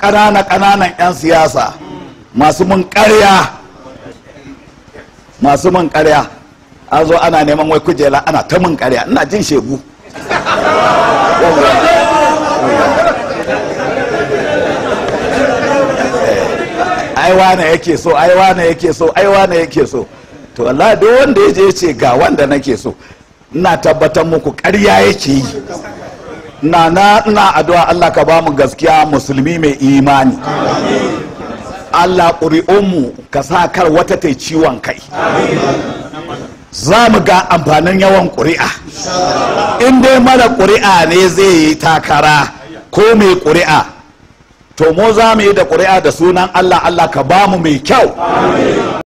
ƙanana ƙananan 'yan siyasa masu mun ƙarya masu mun ƙarya an zo ana neman wai kujera ana ta mun ƙarya ina jin shegu aiwa na yake so aiwa na yake so aiwa na yake so to Allah duk wanda ya je ce ga wanda nake so ina tabbatar muku ƙarya yake yi na na ina addu'a Allah ka ba mu gaskiya musulmi mai imani Allah ƙuri'unmu ka sa kar wata ta ciwon kai za mu ga amfanin yawan ƙuri'a in dai mara ƙuri'a ne zai yi takara ko mai ƙuri'a to mu za mu yi da ƙuri'a da sunan Allah Allah ka ba mu mai kyau